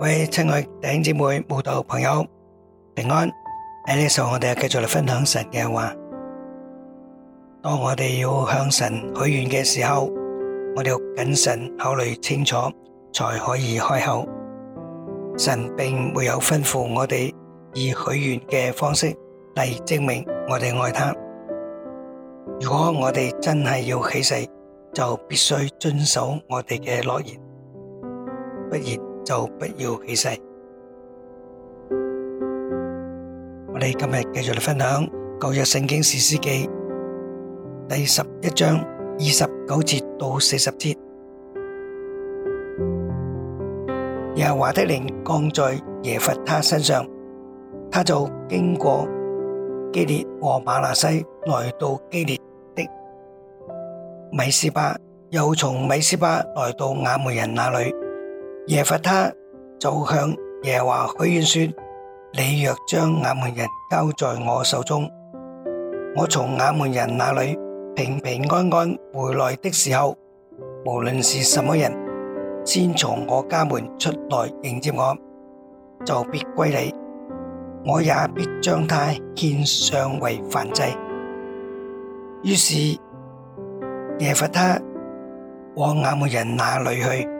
喂，親愛嘅弟兄姐妹、慕道朋友平安。喺呢度，首我哋繼續嚟分享神嘅話。當我哋要向神許願嘅時候，我哋要謹慎考慮清楚，才可以開口。神並沒有吩咐我哋以許願嘅方式嚟證明我哋愛他。如果我哋真係要起誓，就必須遵守我哋嘅諾言，不然，就不要起誓。我哋今日繼續嚟分享舊約聖經士師記第十一章二十九節到四十節。耶和華的靈降在耶弗他身上，他就經過基列和瑪拿西，來到基列的米斯巴，又從米斯巴來到亞梅人那裏。耶弗他就向耶華許願說：你若將亞門人交在我手中，我從亞門人那裏平平安安回來的時候，無論是什麼人，先從我家門出來迎接我，就必歸你；我也必將他獻上為燔祭。於是耶弗他往亞門人那裏去。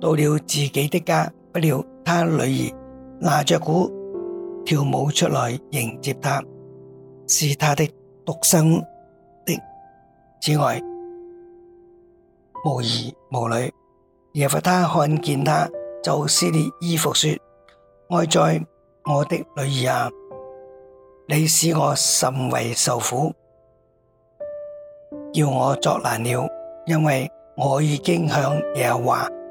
到了自己的家，不料他女兒拿着鼓跳舞出來迎接他，是他的獨生的。此外無兒無女，耶弗他看見他就撕裂衣服說：哀哉我的女兒啊，你使我甚為受苦，叫我作難了，因為我已經向耶和華。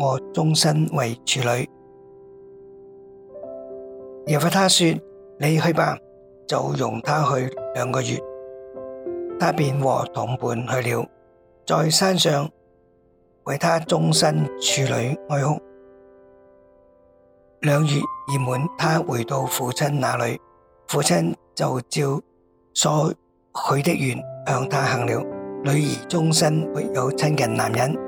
我終身為處女。耶弗他說：你去吧，就容他去兩個月。他便和同伴去了，在山上為他終身處女哀哭。兩月已滿，他回到父親那裡，父親就照所許的願向他行了。女兒終身沒有親近男人。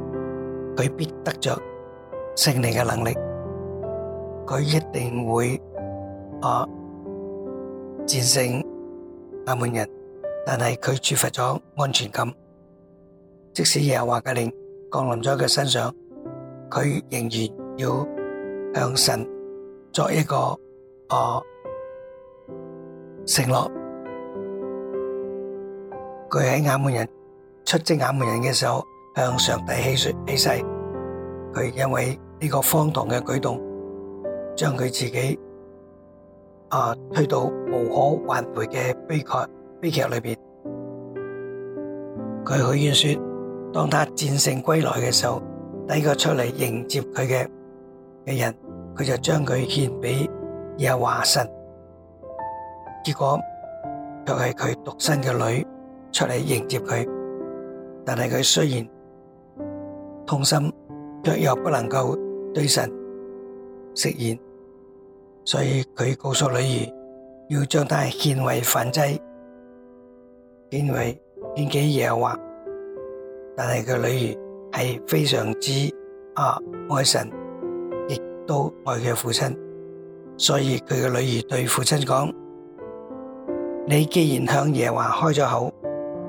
佢必得着勝利嘅能力，佢一定會啊戰勝亞門人。但係佢缺乏咗安全感，即使耶和華嘅靈降臨咗佢身上，佢仍然要向神作一個啊承諾。佢喺亞門人出征亞門人嘅時候。向上帝起說起誓，佢因為呢個荒唐嘅舉動，將佢自己啊推到無可挽回嘅悲慨悲劇裏邊。佢許願說，當他戰勝歸來嘅時候，第一個出嚟迎接佢嘅嘅人，佢就將佢獻俾耶和華神。結果卻係佢獨生嘅女出嚟迎接佢，但係佢雖然。痛心，卻又不能夠對神食言。所以佢告訴女兒要將他獻為燔祭，獻為獻給耶華。但係佢女兒係非常之啊愛神，亦都愛佢父親，所以佢嘅女兒對父親講：「你既然向耶華開咗口，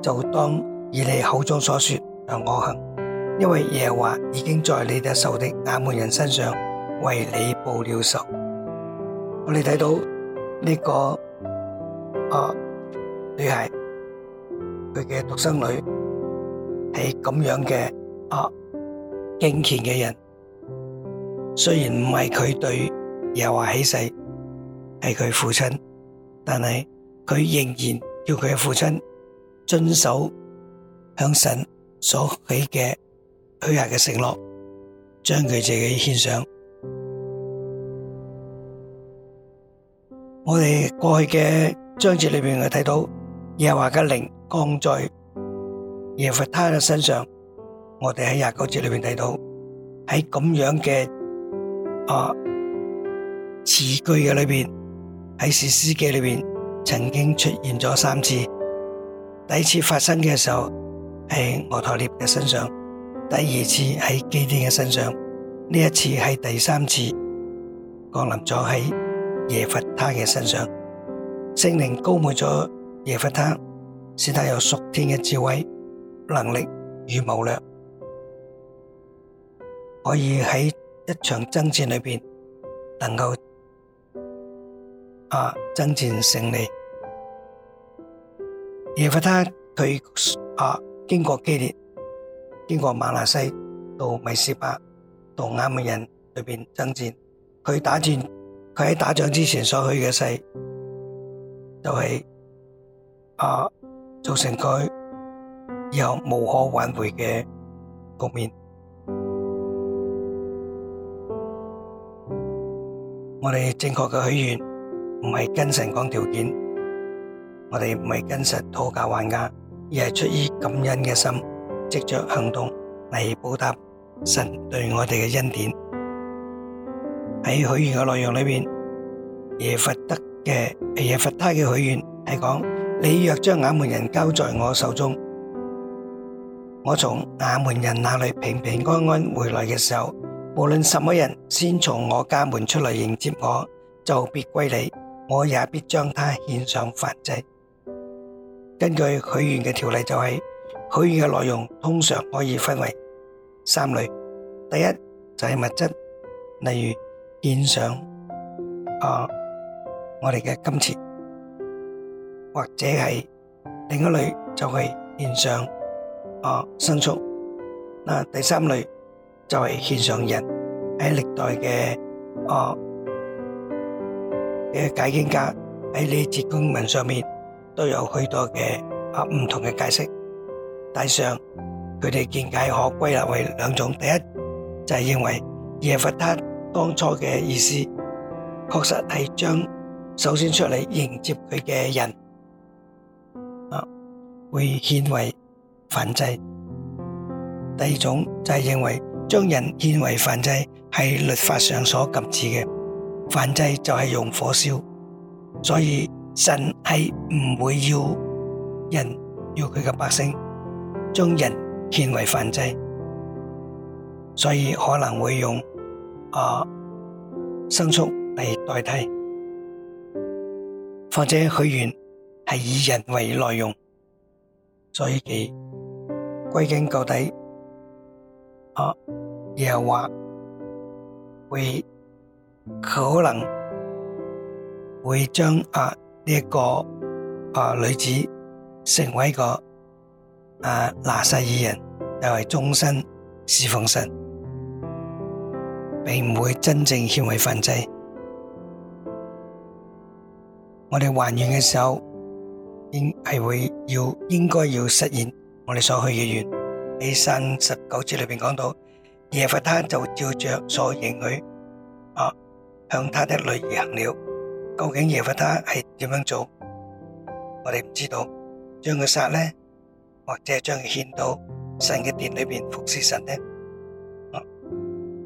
就當以你口中所說向我行。因為耶華已經在你嘅仇敵亞捫人身上為你報了仇。我哋睇到呢個啊女孩，佢嘅獨生女，係咁樣嘅啊敬虔嘅人。雖然唔係佢對耶華起誓，係佢父親，但係佢仍然叫佢嘅父親遵守向神所許嘅。許人嘅承諾，將佢自己獻上。我哋過去嘅章節裏邊，我睇到耶和華嘅靈降在耶弗他嘅身上。我哋喺廿九節裏邊睇到，喺咁樣嘅啊詞句嘅裏邊，喺士師記嘅裏邊，曾經出現咗三次。第一次發生嘅時候，喺俄陀列嘅身上。第二次喺基甸嘅身上，呢一次係第三次降臨咗喺耶弗他嘅身上，聖靈高滿咗耶弗他，使他有屬天嘅智慧、能力與謀略，可以喺一場爭戰裏邊能夠啊爭戰勝利。耶弗他佢啊經過激烈。經過馬拿西到米斯巴到亞門人裏邊爭戰，佢打戰，佢喺打仗之前所許嘅誓，就係啊造成佢有無可挽回嘅局面。我哋正確嘅許願，唔係跟神講條件，我哋唔係跟神討價還價，而係出於感恩嘅心。藉着行動嚟報答神對我哋嘅恩典。喺許願嘅內容裏面，耶弗得嘅耶弗他嘅許願係講：你若將亞門人交在我手中，我從亞門人那裏平平安安回來嘅時候，無論什麼人先從我家門出來迎接我，就必歸你，我也必將他獻上燔祭。根據許願嘅條例就係。許願嘅內容通常可以分為三類，第一就係物質，例如獻上啊我哋嘅金錢，或者係另一類就係獻上啊牲畜。嗱，第三類就係獻上人，喺歷代嘅啊嘅解經家喺呢節經文上面都有許多嘅啊唔同嘅解釋。大上佢哋見解可歸納為兩種：第一就係認為耶弗他當初嘅意思確實係將首先出嚟迎接佢嘅人啊，會獻為燔祭；第二種就係認為將人獻為燔祭係律法上所禁止嘅，燔祭就係用火燒，所以神係唔會要人要佢嘅百姓。將人獻為燔祭，所以可能會用啊牲畜嚟代替，或者許願係以人為內容，所以其歸根究底啊又話會可能會將啊呢一、這個啊女子成為一個。啊！拿細耳人又係終身侍奉神，並唔會真正獻為燔祭。我哋還願嘅時候，應係會要應該要實現我哋所許嘅願。喺三十九節裏邊講到，耶弗他就照着所應許，啊，向他的女兒行了。究竟耶弗他係點樣做？我哋唔知道，將佢殺呢？或者將佢獻到神嘅殿裏邊服侍神呢？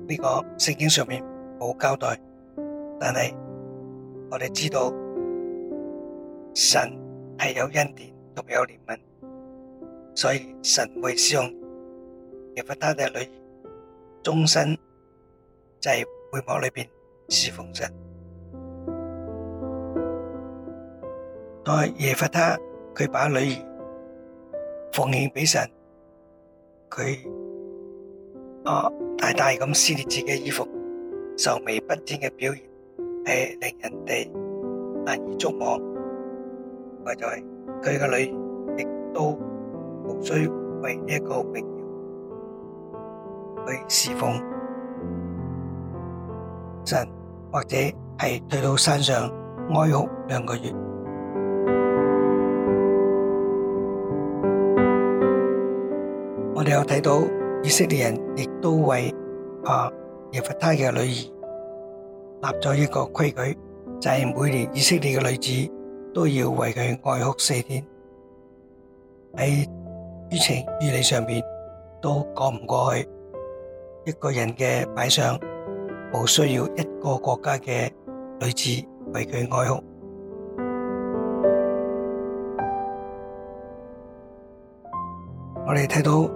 呢個聖經上面冇交代，但係我哋知道神係有恩典同有憐憫，所以神會使用耶弗他嘅女兒終身就係會幕裏邊侍奉神。當耶弗他佢把女兒。奉獻俾神，佢啊大大咁撕裂自己衣服，愁眉不展嘅表現係令人哋難以捉摸。或者係佢嘅女亦都無須為呢一個名去侍奉神，或者係退到山上哀哭兩個月。我哋有睇到以色列人亦都為啊耶弗他嘅女兒立咗一個規矩，就係每年以色列嘅女子都要為佢哀哭四天。喺於情於理上面都講唔過去，一個人嘅擺上，無需要一個國家嘅女子為佢哀哭。我哋睇到。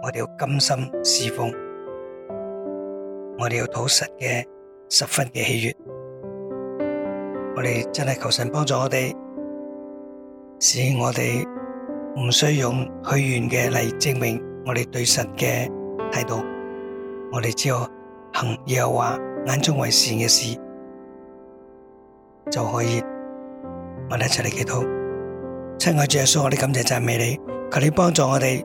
我哋要甘心侍奉，我哋要討神嘅十分嘅喜悅。我哋真係求神幫助我哋，使我哋唔需用許願嘅嚟證明我哋對神嘅態度。我哋只要行耶和華眼中為善嘅事，就可以。我哋一齊嚟祈禱，親愛嘅主耶穌，我哋感謝讚美你，求你幫助我哋。